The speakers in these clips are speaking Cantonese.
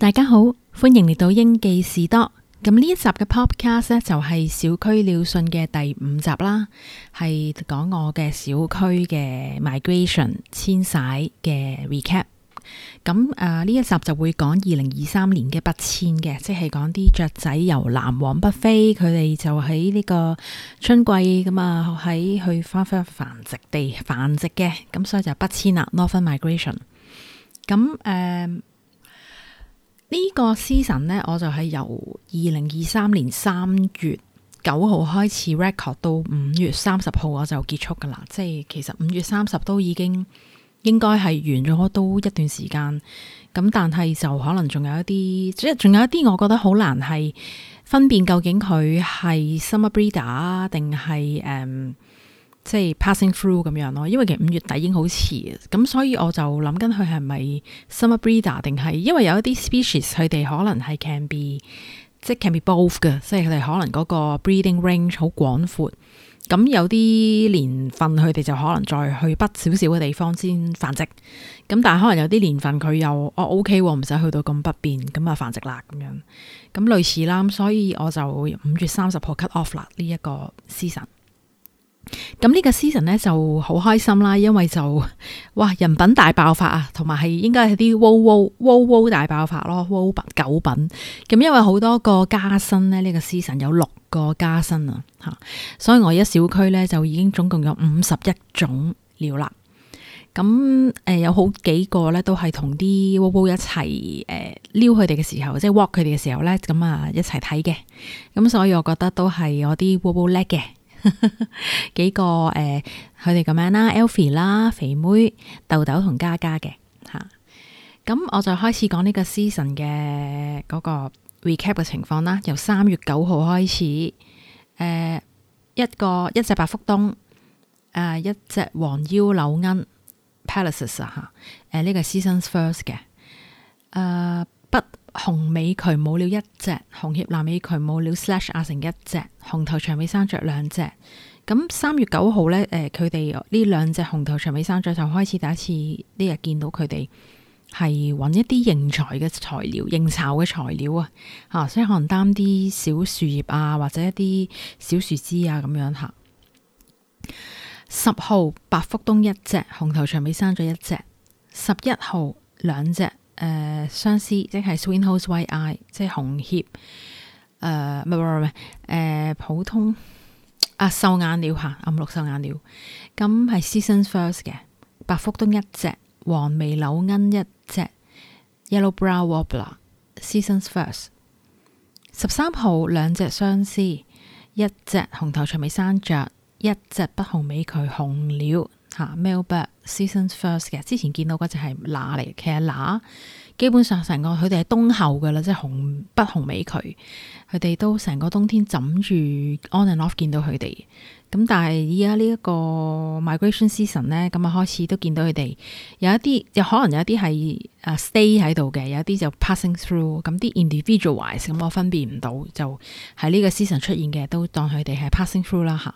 大家好，歡迎嚟到英記士多。咁呢一集嘅 podcast 呢，就係小區鳥訊嘅第五集啦，係講我嘅小區嘅 migration 遷徙嘅 recap。咁誒呢一集就會講二零二三年嘅北遷嘅，即係講啲雀仔由南往北飛，佢哋就喺呢個春季咁啊喺去花花繁殖地繁殖嘅，咁所以就北遷啦，Northern Migration。咁、嗯、誒。呢個 season 呢，我就係由二零二三年三月九號開始 record 到五月三十號，我就結束噶啦。即係其實五月三十都已經應該係完咗都一段時間，咁但係就可能仲有一啲，即係仲有一啲，我覺得好難係分辨究竟佢係 summer breeder 啊，定係誒。即係 passing through 咁樣咯，因為其實五月底已經好遲，咁所以我就諗緊佢係咪 summer breeder 定係，因為有一啲 species 佢哋可能係 can be 即係 can be both 嘅，即係佢哋可能嗰個 breeding range 好廣闊，咁有啲年份佢哋就可能再去北少少嘅地方先繁殖，咁但係可能有啲年份佢又哦 OK 唔使去到咁北邊，咁啊繁殖啦咁樣，咁類似啦，咁所以我就五月三十號 cut off 啦呢一個 season。咁呢個 season 咧，就好開心啦，因為就哇人品大爆發啊，同埋係應該係啲窩窩大爆發咯，窩品狗品。咁因為好多個加新咧，呢、這個 season 有六個加新啊吓，所以我而家小區咧就已經總共有五十一種料啦。咁、嗯、誒有好幾個咧都係同啲窩窩一齊誒撩佢哋嘅時候，即係 walk 佢哋嘅時候咧，咁啊一齊睇嘅。咁、嗯、所以我覺得都係我啲窩窩叻嘅。 幾個誒，佢哋咁樣啦 Alfie 啦，ph ie，肥妹、豆豆同嘉嘉嘅吓。咁、啊、我就開始講呢個 season 嘅嗰個 recap 嘅情況啦。由三月九號開始，誒、啊，一個一隻白腹鶇，誒、啊，一隻黃腰柳鶯，Pallas's 啊吓，誒、啊，呢、這個 season first 嘅，誒、啊，But。紅尾鴝冇了一隻，紅脅藍尾鴝冇了，slash 亞成一隻，紅頭長尾山雀兩隻。咁三月九號呢，誒、呃，佢哋呢兩隻紅頭長尾山雀就開始第一次呢日見到佢哋係揾一啲認材嘅材料，認巢嘅材料啊，啊，所以可能擔啲小樹葉啊，或者一啲小樹枝啊咁樣吓。十號白腹鶇一隻，紅頭長尾山雀咗一隻，十一號兩隻。誒、呃，相思即係 Swinhoe's White-eye，即係紅脅誒，唔係唔係唔係，誒、呃、普通啊，繡眼鳥，吓，暗綠繡眼鳥，咁、啊、係 Seasons first 嘅白腹鶇一隻，黃眉柳鶯一隻 Yellow-browed Warbler Seasons first，十三號兩隻相思，一隻紅頭長尾山雀，一隻北紅尾鴝紅鳥。吓，male bird season first 嘅、yeah，之前見到嗰隻係乸嚟嘅。其實乸基本上成個佢哋係冬候嘅啦，即係紅北紅尾鴝。佢哋都成個冬天枕住 on and off 見到佢哋，咁但係依家呢一個 migration season 咧，咁啊開始都見到佢哋有一啲，就可能有一啲係誒 stay 喺度嘅，有一啲就 passing through，咁啲 individualise，咁我分辨唔到，就喺呢個 season 出現嘅都當佢哋係 passing through 啦吓。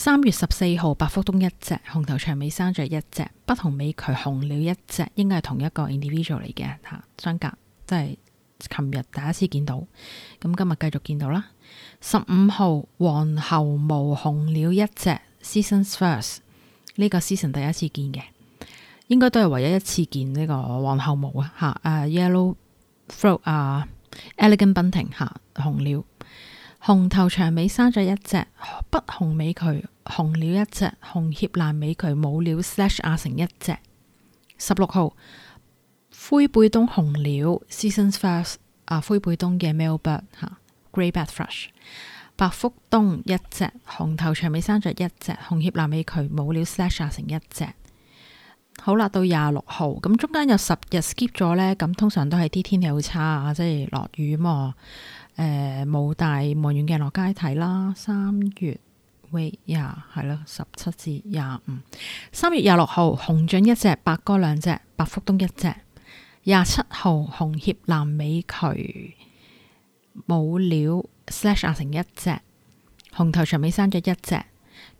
三月十四號，白腹鶇一隻，紅頭長尾山雀一隻，北紅尾鴝雄鳥一隻，應該係同一個 individual 嚟嘅吓，相、啊、隔，即係琴日第一次見到，咁、嗯、今日繼續見到啦。十五號，黃喉鵐雄鳥一隻，seasons first，呢個 season 第一次見嘅，應該都係唯一一次見呢個黃喉鵐啊吓，啊 yellow throat 啊，Elegant bunting 吓，雄鳥。紅頭長尾生咗一隻，北紅尾鴝雄鳥一隻，紅脅藍尾鴝母鳥 slash 亞成一隻。十六號灰背鶇雄鳥 seasons first 啊灰背鶇嘅 male bird 吓，啊，grey-backed thrush 白腹鶇一隻，紅頭長尾生咗一隻，紅脅藍尾鴝母鳥 slash 亞成一隻。好啦，到廿六號，咁中間有十日 skip 咗呢。咁通常都係啲天氣好差啊，即係落雨嘛。誒冇、呃、帶望遠鏡落街睇啦，三月喂，呀，係咯，十七至廿五，三月廿六號紅隼一隻，白哥兩隻，白福東一隻。廿七號紅協南美渠，冇鳥 slash 成一隻，紅頭長尾生咗一隻。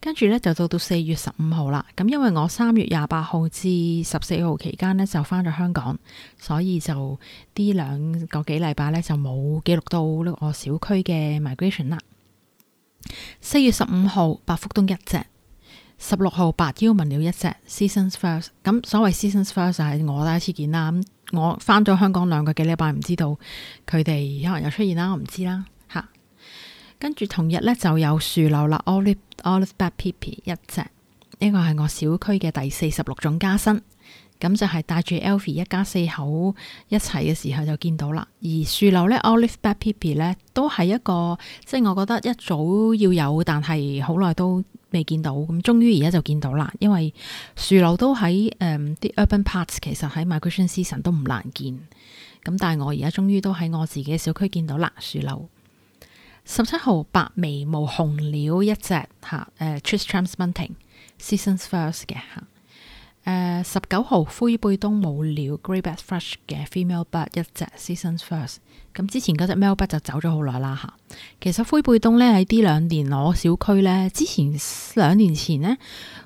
跟住呢，就到到四月十五號啦，咁因為我三月廿八號至十四號期間呢，就返咗香港，所以就呢兩個幾禮拜呢，就冇記錄到呢個小區嘅 migration 啦。四月十五號，白腹東一隻；十六號，白腰文鳥一隻。Seasons first，咁所謂 seasons first 就係我第一次見啦。咁我返咗香港兩個幾禮拜，唔知道佢哋可能又出現啦，我唔知啦。跟住同日咧，就有樹鷚啦。Olive, Olive-backed Pipit 一隻，呢個係我小區嘅第四十六種加新。咁就係帶住 Alfie 一家四口一齊嘅時候就見到啦。而樹鷚咧，Olive-backed Pipit 咧，都係一個即係我覺得一早要有，但係好耐都未見到。咁終於而家就見到啦，因為樹鷚都喺誒啲 urban parks，其實喺 Migration Season 都唔難見。咁但係我而家終於都喺我自己嘅小區見到啦樹鷚。十七號白眉毛紅鳥一隻吓，誒、啊，Tristram bunting seasons first 嘅吓。誒、啊，十九號灰背鶇母鳥 greyback thrush 嘅 female bird 一隻 seasons first，咁、啊、之前嗰隻 male bird 就走咗好耐啦吓，其實灰背鶇咧喺呢兩年我小區咧，之前兩年前呢，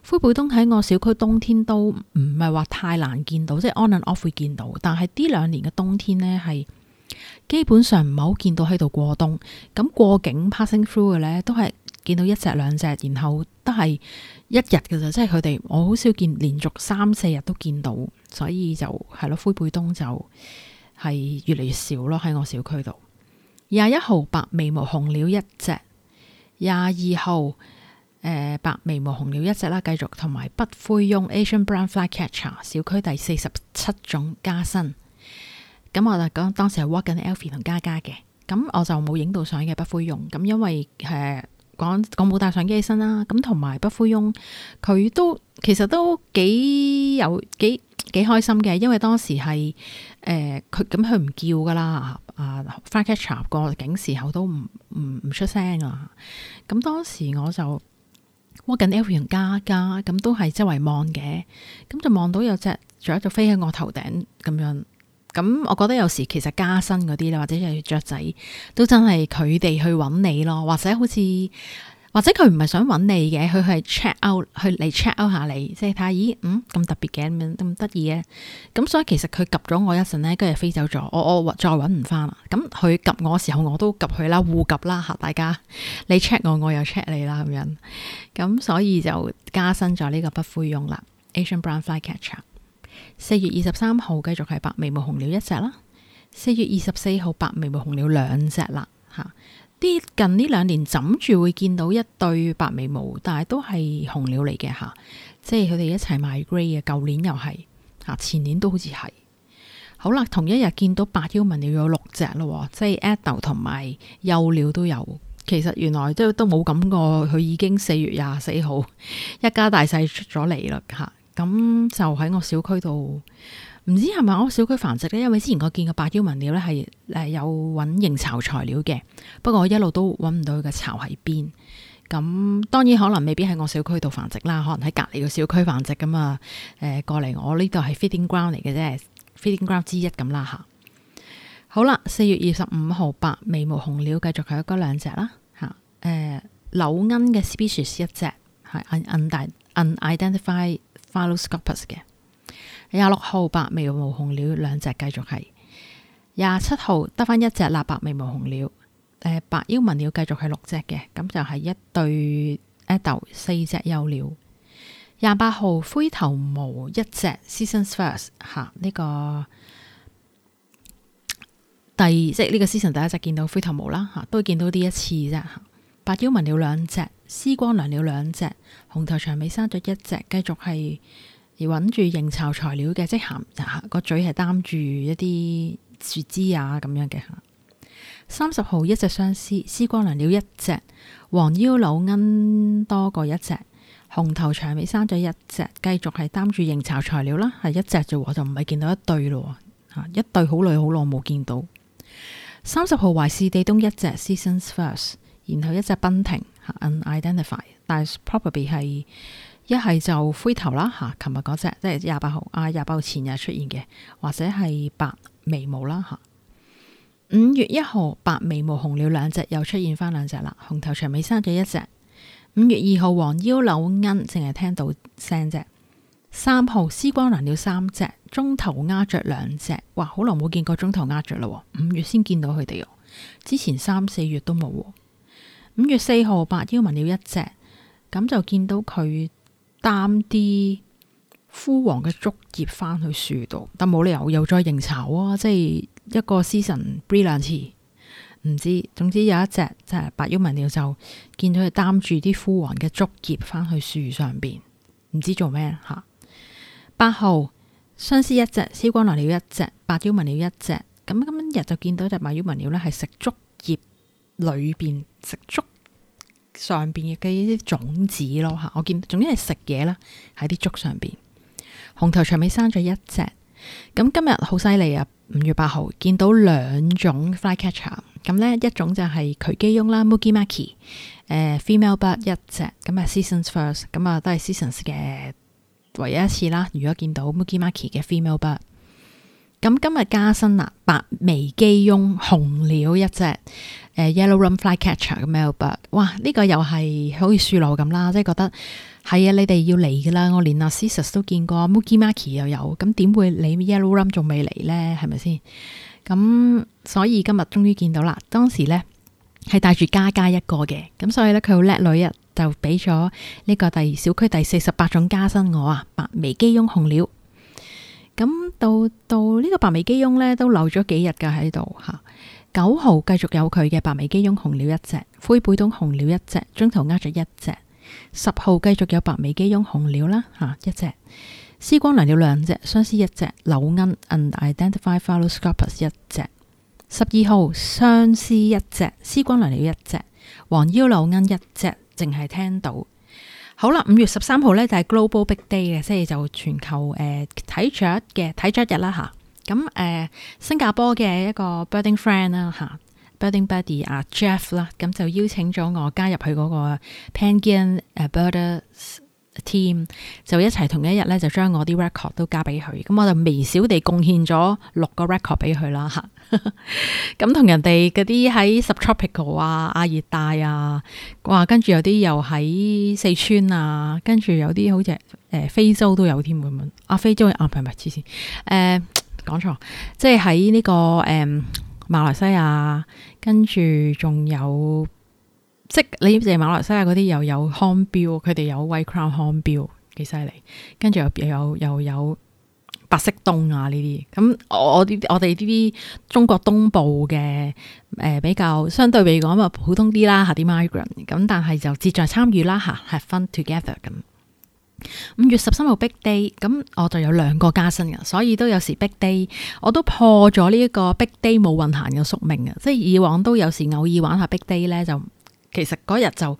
灰背鶇喺我小區冬天都唔係話太難見到，即係 on and off 會見到，但係呢兩年嘅冬天呢係。基本上唔係好見到喺度過冬，咁過境 passing through 嘅呢，都係見到一隻兩隻，然後都係一日嘅咋，即係佢哋我好少見連續三四日都見到，所以就係咯，灰背鶇就係越嚟越少咯喺我小區度。廿一號白眉毛紅鳥一隻，廿二號、呃、白眉毛紅鳥一隻啦，繼續同埋北灰鶲 Asian Brown Flycatcher 小區第四十七種加新。咁我，我就講當時係 walk 緊 Alfie 同嘉嘉嘅，咁我就冇影到相嘅不灰庸，咁因為誒講我冇帶相機起身啦，咁同埋不灰庸佢都其實都幾有幾幾開心嘅，因為當時係誒佢咁佢唔叫㗎啦，啊 flycatcher 過境時候都唔唔唔出聲啦，咁當時我就 walk 緊 Alfie 同嘉嘉，咁都係周圍望嘅，咁就望到有隻雀就飛喺我頭頂咁樣。咁、嗯，我覺得有時其實加新嗰啲咧，或者係雀仔都真係佢哋去揾你咯，或者好似或者佢唔係想揾你嘅，佢係 check out 去嚟 check out 下你，即係睇咦嗯咁特別嘅，咁得意嘅。咁、嗯、所以其實佢 𥄫 咗我一陣呢，跟住飛走咗，我我再揾唔翻啦。咁佢 𥄫 我時候我都 𥄫 佢啦，互 𥄫 啦吓大家。你 check 我，我又 check 你啦咁樣。咁、嗯、所以就加新咗呢個北灰鶲啦。Asian Brown Flycatcher。四月二十三號繼續係白眉毛紅鳥一隻啦，四月二十四號白眉毛紅鳥兩隻啦，吓啲近呢兩年枕住會見到一對白眉毛，但係都係紅鳥嚟嘅吓，即係佢哋一齊賣 grey 嘅，舊年又係，吓前年都好似係，好啦，同一日見到白腰文鳥有六隻咯，即係 adult 同埋幼鳥都有，其實原來即都冇感覺佢已經四月廿四號一家大細出咗嚟啦吓。咁就喺我小區度，唔知係咪我小區繁殖呢？因為之前我見過白腰文鳥呢係，誒，有揾營巢材料嘅，不過我一路都揾唔到佢嘅巢喺邊。咁當然可能未必喺我小區度繁殖啦，可能喺隔離個小區繁殖噶嘛。誒、呃、過嚟我呢度係 feeding ground 嚟嘅啫，feeding ground 之一咁啦嚇。好啦，四月二十五號，白眉毛紅鳥繼續係嗰兩隻啦嚇。誒、啊呃、柳鶯嘅 species 一隻係大 un identify。Un 花螺 scopus 嘅。廿六號，白眉毛紅鳥兩隻繼續係。廿七號得返一隻喇，白眉毛紅鳥，白腰文鳥繼續係六隻嘅，咁就係一對誒豆四隻幼鳥。廿八號灰頭毛一隻 seasons first 吓、啊、呢、這個第二即係呢個 season 第一隻見到灰頭毛啦吓，都見到啲一次啫。吓、啊，白腰文鳥兩隻。兩隻絲光椋鳥兩隻，紅頭長尾生咗一隻，繼續係揾住應酬材料嘅，即咸個、啊、嘴係擔住一啲樹枝啊，咁樣嘅。三十號一隻相思絲光椋鳥一隻，黃腰柳鶯多過一隻，紅頭長尾生咗一隻，繼續係擔住應酬材料啦，係一隻啫，就唔係見到一對咯吓，一對好耐好耐冇見到。三十號懷氏地鶇一隻 Seasons First，然後一隻 bunting。unidentified 但係 probably 係一係就灰頭啦吓，琴、uh，日嗰隻即係廿八號，啊廿八號前日出現嘅，或者係白眉毛啦吓。五、uh、月一號白眉毛紅了兩隻，又出現翻兩隻啦，紅頭長尾生咗一隻。五月二號黃腰柳鶯淨係聽到聲啫。絲三號絲光藍鳥三隻，中頭鴉雀兩隻，哇！好耐冇見過中頭鴉雀啦，五月先見到佢哋哦，之前三四月都冇。五月四號，白腰文鳥一隻，咁就見到佢擔啲枯黃嘅竹葉返去樹度，但冇理由又再營巢啊！即係一個 season breed 兩次，唔知總之有一隻就係白腰文鳥，就見到佢擔住啲枯黃嘅竹葉返去樹上邊，唔知做咩吓，啊。八號，相思一隻，絲光椋鳥一隻，白腰文鳥一隻，咁今日就見到隻白腰文鳥呢係食竹葉。裏邊食竹上邊嘅啲種子咯吓，我見總之係食嘢啦喺啲竹上邊。紅頭長尾生咗一隻，咁今日好犀利啊！五月八號見到兩種 flycatcher，咁呢一種就係渠基翁啦，mugi maki，誒、呃、female bird 一隻，咁啊 seasons first，咁啊都係 seasons 嘅唯一一次啦。如果見到 mugi maki 嘅 female bird，咁今日加新啦，白眉基翁紅鳥一隻。誒、uh, Yellow-rumped Flycatcher 嘅 male bird 哇，呢、這個又係好似樹老咁啦，即係覺得係啊，你哋要嚟噶啦，我連阿 Narcissus 都見過，Mugimaki 又有，咁點會你 Yellow-rumped 仲未嚟呢？係咪先？咁所以今日終於見到啦。當時呢，係帶住加加一個嘅，咁所以呢，佢好叻女啊，就俾咗呢個第二小區第四十八種加薪我啊，白眉姬鶲紅鳥。咁到到呢個白眉姬鶲呢，都留咗幾日噶喺度嚇。九號繼續有佢嘅白眉姬鶲雄鳥一隻，灰背鸫雄鳥一隻，中途呃咗一隻。十號繼續有白眉姬鶲雄鳥啦，吓、啊、一隻，絲光椋鳥兩隻，相思一隻，柳鶯 unidentified Phylloscopus 一隻。十二號相思一隻，絲光椋鳥一隻，黃腰柳鶯一隻，淨係聽到。好啦，五月十三號呢，就係、是、global big day 嘅，即係就全球誒睇雀嘅睇雀日啦吓。咁誒，新加坡嘅一個 birding friend 啦嚇，birding buddy 啊 Jeff 啦，咁就邀請咗我加入佢嗰個 Pan Asian Birders Team，就一齊同一日咧，就將我啲 record 都交俾佢，咁我就微小地貢獻咗六個 record 俾佢啦嚇。咁同人哋嗰啲喺 Subtropical 啊、亞熱帶啊，哇！跟住有啲又喺四川啊，跟住有啲好似誒非洲都有添會唔會，啊非洲啊，唔係唔係黐線誒。講錯，即係喺呢個誒、嗯、馬來西亞，跟住仲有，即你知唔知馬來西亞嗰啲又有 hornbill，佢哋有 White Crown hornbill，幾犀利，跟住又又有又有，又有白色東啊呢啲，咁、嗯、我我哋呢啲中國東部嘅誒、呃、比較相對嚟講咪普通啲啦，吓啲 migrant，咁但係就志在參與啦，吓係分 together 咁。五月十三號 Big Day，咁我就有兩個加薪嘅，所以都有時 Big Day，我都破咗呢一個 Big Day 冇運行嘅宿命啊！即係以往都有時偶爾玩下 Big Day 咧，就其實嗰日就誒、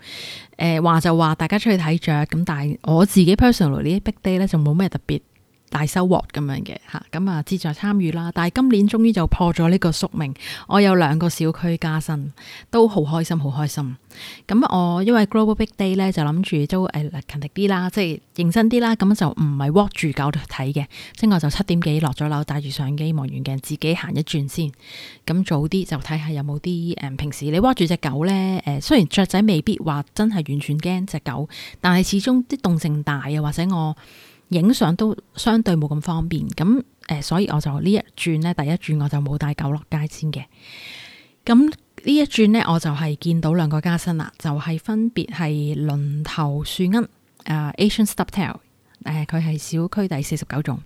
呃、話就話大家出去睇着。咁，但係我自己 personally 呢啲 Big Day 咧就冇咩特別。大收穫咁樣嘅嚇，咁啊志在參與啦，但係今年終於就破咗呢個宿命，我有兩個小區加薪，都好開心，好開心。咁我因為 Global Big Day 咧，就諗住都誒勤力啲啦，即係認真啲啦，咁就唔係 walk 住狗睇嘅，即係我就七點幾落咗樓，帶住相機望遠鏡，自己行一轉先。咁早啲就睇下有冇啲誒，平時你 walk 住隻狗咧，誒雖然雀仔未必話真係完全驚隻狗，但係始終啲動靜大啊，或者我，影相都相對冇咁方便，咁誒、呃、所以我就一轉呢一轉咧，第一轉我就冇帶狗落街先嘅。咁呢一轉咧，我就係見到兩個加生啦，就係、是、分別係鱗頭樹鶯，誒、呃、Asian stubtail 誒、呃、佢係小區第四十九種，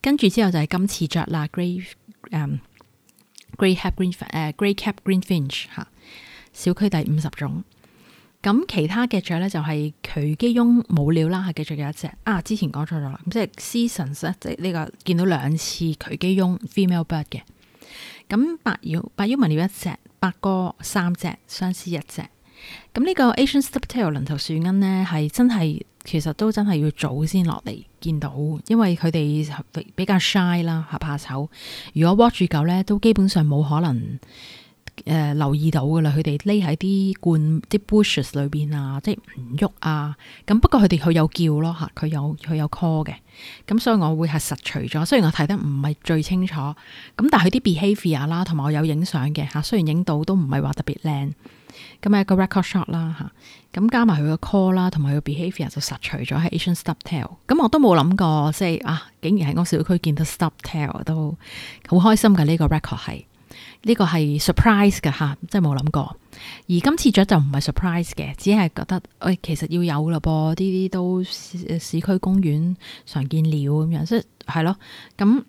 跟住之後就係金翅雀啦，grey 誒、呃、grey cap green 誒 grey cap green finch 嚇、啊，小區第五十種。咁其他嘅雀咧就係、是、鴝姬鶲冇料啦，係記住有一隻啊，之前講錯咗啦。咁即係 seasons 咧，即係呢、這個見到兩次鴝姬鶲 female bird 嘅。咁白腰白腰文鳥一隻，八哥三隻，相思一隻。咁、嗯、呢、這個 Asian Stubtail 鱗頭樹鶯呢，係真係其實都真係要早先落嚟見到，因為佢哋比較 shy 啦，怕醜。如果 walk 住狗咧，都基本上冇可能。誒、呃，留意到噶啦，佢哋匿喺啲灌啲 bushes 裏邊啊，即係唔喐啊。咁不過佢哋佢有叫咯吓，佢有佢有 call 嘅。咁所以我會係實除咗，雖然我睇得唔係最清楚。咁但係佢啲 behavior 啦，同埋我有影相嘅吓。雖然影到都唔係話特別靚，咁係一個 record shot 啦吓。咁加埋佢個 call 啦，同埋佢個 behavior 就實除咗係 Asian Stubtail。咁我都冇諗過，即係啊，竟然喺我小區見到 Stubtail 都好開心嘅呢、這個 record 係。呢個係 surprise 㗎吓，真係冇諗過。而今次著就唔係 surprise 嘅，只係覺得，誒、欸、其實要有啦噃，呢啲都市，市區公園常見鳥咁樣，即係係咯。咁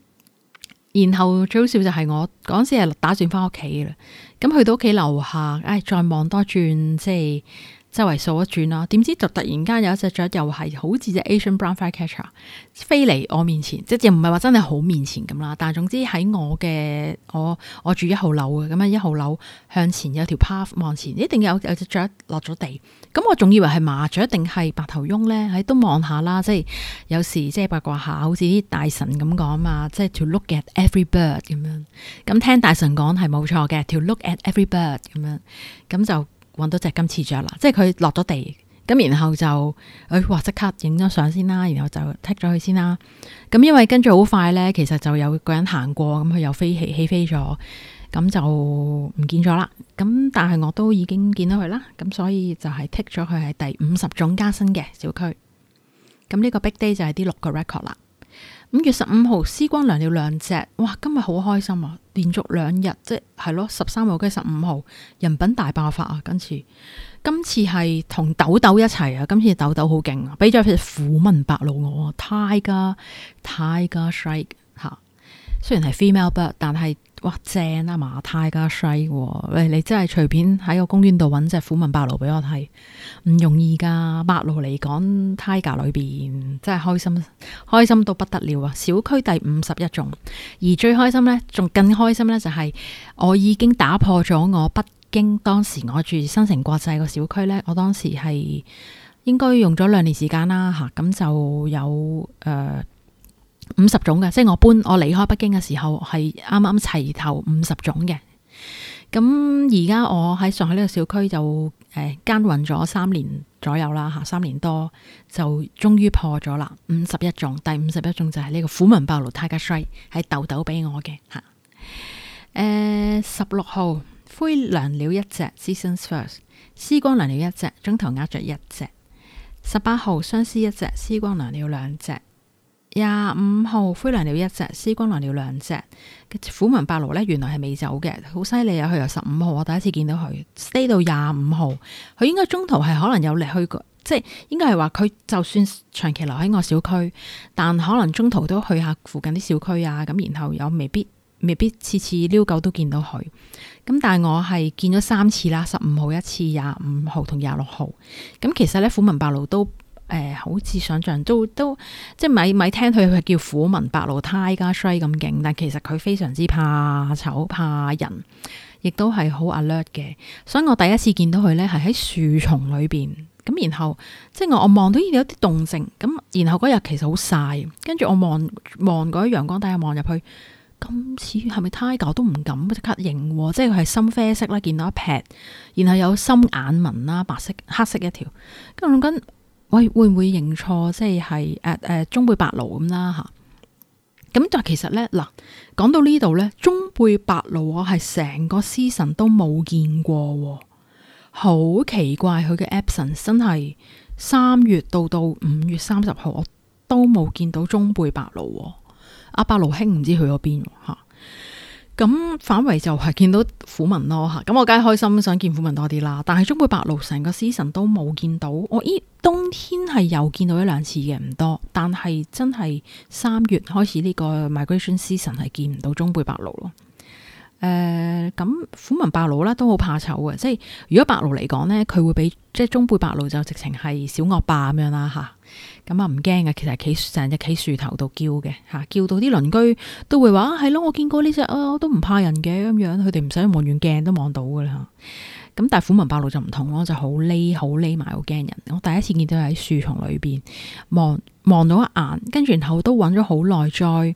然後最好笑就係我嗰陣時係打算返屋企嘅，咁去到屋企樓下，誒再望多轉，即係。周圍掃一轉啦，點知就突然間有一隻雀，又係好似隻 Asian Brown Flycatcher 飛嚟我面前，即係唔係話真係好面前咁啦。但係總之喺我嘅我我住一號樓啊，咁樣，一號樓向前有條 path 望前，一定有有隻雀落咗地。咁我仲以為係麻雀定係白頭翁咧，喺度望下啦。即係有時即係八卦下，好似啲大神咁講啊，即係 To look at every bird 咁樣。咁聽大神講係冇錯嘅，To look at every bird 咁樣，咁就。揾到隻金翅雀啦，即係佢落咗地，咁然後就，誒、哎，哇，即刻影咗相先啦，然後就剔咗佢先啦。咁因為跟住好快咧，其實就有個人行過，咁佢又飛起起飛咗，咁就唔見咗啦。咁但係我都已經見到佢啦，咁所以就係剔咗佢喺第五十種加新嘅小區。咁、這、呢個 big day 就係啲六個 record 啦。五月十五號，絲光椋鳥兩隻，哇！今日好開心啊，連續兩日即係、就是、咯，十三號跟十五號人品大爆發啊！今次今次係同豆豆一齊啊，今次豆豆好勁啊，俾咗隻虎紋伯勞我啊，tiger tiger shrike 吓、啊，雖然係 female bird 但係。哇正啊嘛，太價衰喎！喂，你真係隨便喺個公園度揾隻虎紋伯勞俾我睇，唔容易噶。伯勞嚟講，Tiger 裏邊真係開心，開心到不得了啊！小區第五十一種，而最開心呢，仲更開心呢，就係我已經打破咗我北京當時我住新城國際個小區呢。我當時係應該用咗兩年時間啦吓，咁就有誒。呃五十種嘅，即係我搬我離開北京嘅時候係啱啱齊頭五十種嘅，咁而家我喺上海呢個小區就誒耕耘咗三年左右啦吓，三、啊、年多就終於破咗啦，五十一種，第五十一種就係呢個虎紋伯勞 Tiger shrike，係豆豆俾我嘅吓。誒、啊，十六號灰椋鳥一隻，Seasons First，絲光椋鳥一隻，棕頭鴉雀一隻。十八號相思一隻，絲光椋鳥兩隻。廿五號灰椋鳥一隻，絲光椋鳥兩隻，虎紋伯勞呢，原來係未走嘅，好犀利啊！佢由十五號我第一次見到佢，stay 到廿五號，佢應該中途係可能有離去過，即係應該係話佢就算長期留喺我小區，但可能中途都去下附近啲小區啊，咁然後又未必未必次次遛狗都見到佢，咁但係我係見咗三次啦，十五號一次，廿五號同廿六號，咁其實呢，虎紋伯勞都。誒、呃，好似想象都都即係咪咪聽佢佢叫虎文白露 t i 鶏，加帥咁勁，但其實佢非常之怕醜怕人，亦都係好 alert 嘅。所以我第一次見到佢呢，係喺樹叢裏邊咁，然後即係我我望到呢度有啲動靜咁，然後嗰日其實好曬。跟住我望望嗰啲陽光，等下望入去咁，似係咪 t 鶏，狗都唔敢即刻認，即係佢係深啡色啦，見到一撇，然後有深眼紋啦，白色黑色一條，跟我諗緊。喂，會唔會認錯？即係誒誒，中貝白奴咁啦吓。咁但係其實咧，嗱，講到呢度咧，中貝白奴我係成個 s 神都冇見過，好奇怪佢嘅 action 真係三月到到五月三十號，我都冇見到中貝白奴。阿白奴兄唔知去咗邊吓。啊咁、嗯、反而就係見到虎紋咯吓，咁、嗯、我梗係開心，想見虎紋多啲啦。但係中背白鷺成個 season 都冇見到，我咦，冬天係又見到一兩次嘅唔多，但係真係三月開始呢個 migration season 係見唔到中背白鷺咯。誒咁、呃、虎紋伯勞啦，都好怕醜嘅。即係如果伯勞嚟講呢，佢會比即係棕背伯勞就直情係小惡霸咁樣啦嚇。咁啊唔驚嘅，其實企成日企樹頭度叫嘅嚇，叫到啲鄰居都會話，係、啊、咯、啊，我見過呢隻啊，我都唔怕人嘅咁樣。佢哋唔使望遠鏡都望到嘅啦。咁、啊啊、但係虎紋伯勞就唔同咯，就好匿好匿埋，好驚人。我第一次見到佢喺樹叢裏邊望望到一眼，跟住然後都揾咗好耐再。再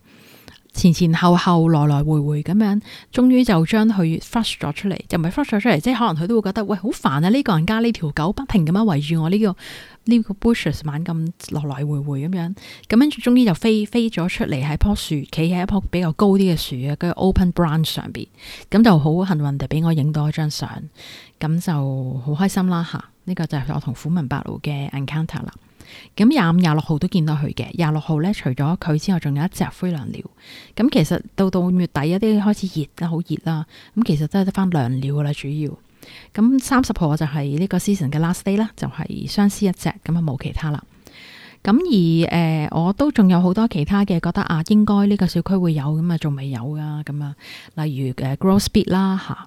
前前後後來來回回咁樣，終於就將佢 flush 咗出嚟，又唔係 flush 咗出嚟，即係可能佢都會覺得喂好煩啊！呢、這個人加呢條狗不停咁樣圍住我呢、這個呢、這個 bushes 玩咁來來回回咁樣，咁跟住終於就飛飛咗出嚟喺棵樹，企喺一棵比較高啲嘅樹嘅個 open branch 上邊，咁就好幸運地俾我影到一張相，咁就好開心啦嚇！呢、這個就係我同虎紋伯勞嘅 encounter 啦。.咁廿五、廿六號都見到佢嘅，廿六號咧除咗佢之外，仲有一隻灰涼鳥。咁其實到到月底一啲開始熱啦，好熱啦。咁其實都係得翻涼鳥啦，主要。咁三十號就係呢個 season 嘅 last day 啦，就係、是、相思一隻，咁啊冇其他啦。咁而誒、呃，我都仲有好多其他嘅，覺得啊，應該呢個小區會有，咁啊仲未有噶咁啊，例如誒 grosbeak 啦吓。呃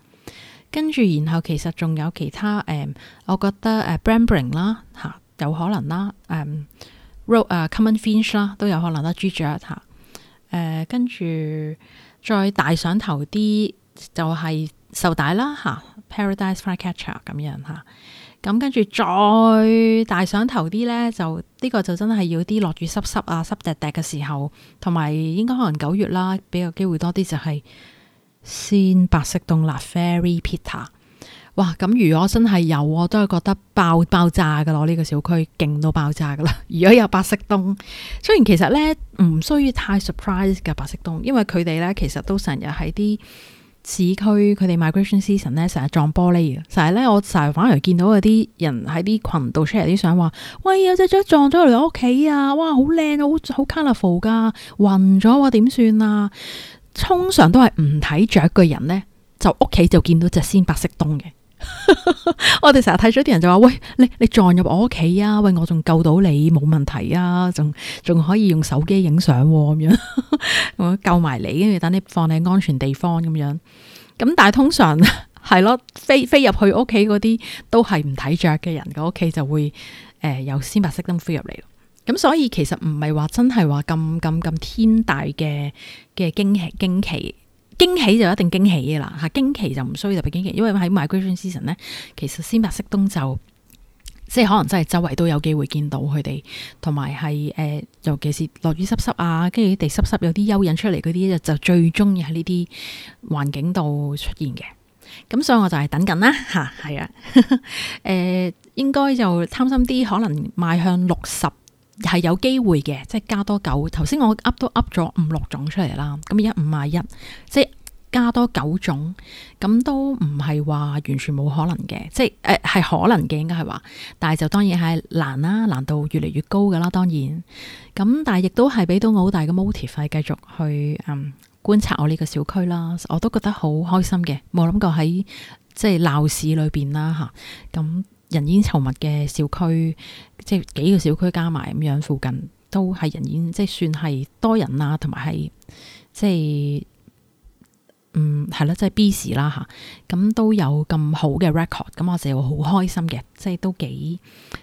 跟住，然後其實仲有其他誒、嗯，我覺得誒、啊、Brambling 啦、啊、嚇，有可能啦誒，Ro 啊，ode，啊 Common Finch 啦、啊、都有可能啦 g i n g r 嚇誒，跟住再大上頭啲就係壽帶啦嚇，Paradise Flycatcher 咁、啊、樣嚇，咁、啊啊、跟住再大上頭啲咧，就呢、這個就真係要啲落雨濕濕啊濕疊疊嘅時候，同埋應該可能九月啦，比較機會多啲就係、是。先白色東啦，Fairy Pitta 哇！咁如果真係有，我都係覺得爆爆炸噶咯，呢、這個小區勁到爆炸噶啦。 如果有白色東，雖然其實呢唔需要太 surprise 嘅白色東，因為佢哋呢其實都成日喺啲市區，佢哋 migration season 呢成日撞玻璃嘅，成日咧我成日反而見到嗰啲人喺啲群度 share 啲相話，喂，有隻雀撞咗嚟我屋企啊！哇，好靚，好好 colorful 噶，暈咗，點算啊？通常都係唔睇雀嘅人呢，就屋企就見到隻鮮白色東嘅。 我哋成日睇咗啲人就話：喂，你你撞入我屋企啊！喂，我仲救到你冇問題啊，仲仲可以用手機影相咁樣，我 救埋你，跟住等你放你安全地方咁樣。咁但係通常係咯，飛飛入去屋企嗰啲都係唔睇雀嘅人嘅屋企就會誒、呃、有鮮白色東飛入嚟。咁、嗯、所以其實唔係話真係話咁咁咁天大嘅嘅驚喜驚奇驚喜就一定驚喜嘅啦吓，驚奇就唔需要特別驚奇。因為喺 Migration season 其實先白色冬就即係可能真係周圍都有機會見到佢哋，同埋係誒，尤其是落雨濕濕啊，跟住啲地濕濕有啲蚯蚓出嚟嗰啲就最中意喺呢啲環境度出現嘅。咁、嗯、所以我就係等緊啦吓，係啊，誒、 呃，應該就貪心啲，可能邁向六十。係有機會嘅，即係加多九。頭先我噏都噏咗五六種出嚟啦，咁而家五買一，即係加多九種，咁都唔係話完全冇可能嘅，即係誒係可能嘅應該係話，但係就當然係難啦，難度越嚟越高㗎啦，當然。咁但係亦都係俾到我好大嘅 motif，繼續去嗯觀察我呢個小區啦，我都覺得好開心嘅，冇諗過喺即係鬧市裏邊啦嚇，咁、啊。嗯人煙稠密嘅小區，即係幾個小區加埋咁樣附近都，嗯 busy，啊，都係人煙，即係算係多人啊，同埋係即係嗯係啦，即係 B 市啦嚇，咁都有咁好嘅 record，咁我哋好開心嘅，即係都幾，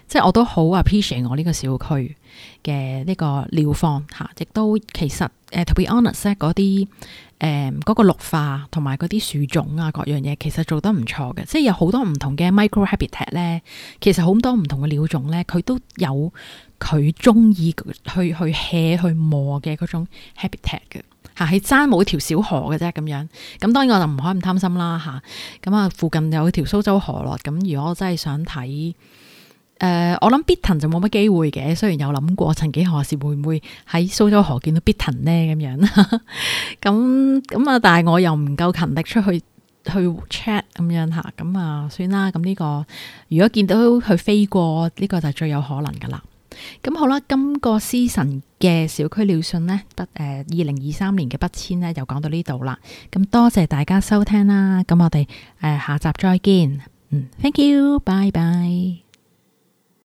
即係我都好 appreciate 我呢個小區嘅呢個料況嚇，亦、啊、都其實誒、uh，to be honest s 咧，嗰啲。誒嗰、嗯嗰個綠化同埋嗰啲樹種啊，各樣嘢其實做得唔錯嘅，即係有好多唔同嘅 micro habitat 咧，hab itation，其實好多唔同嘅鳥種咧，佢都有佢中意去去 hea 去磨嘅嗰種 habitat 嘅吓，係爭冇條小河嘅啫咁樣。咁當然我就唔好唔貪心啦吓，咁啊，啊，附近有條蘇州河咯。咁如果我真係想睇。誒、呃，我諗 Bton i 就冇乜機會嘅。雖然有諗過，曾幾何時會唔會喺蘇州河見到 Bton i 呢？咁樣咁咁啊，但係我又唔夠勤力出去去 chat 咁樣吓，咁啊算啦。咁呢個如果見到佢飛過呢個就最有可能噶啦。咁好啦，今個 season 嘅小區鳥訊呢，不誒二零二三年嘅北遷呢，就講到呢度啦。咁多謝大家收聽啦。咁我哋誒、呃、下集再見。嗯、thank you，拜拜。